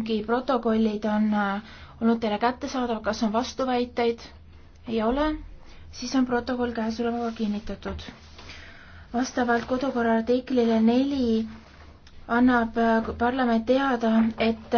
istungi protokollid on äh, olnud teile kättesaadav, kas on vastuväiteid? ei ole, siis on protokoll käesolevaga kinnitatud. vastavalt kodukorra artiklile neli annab äh, parlament teada, et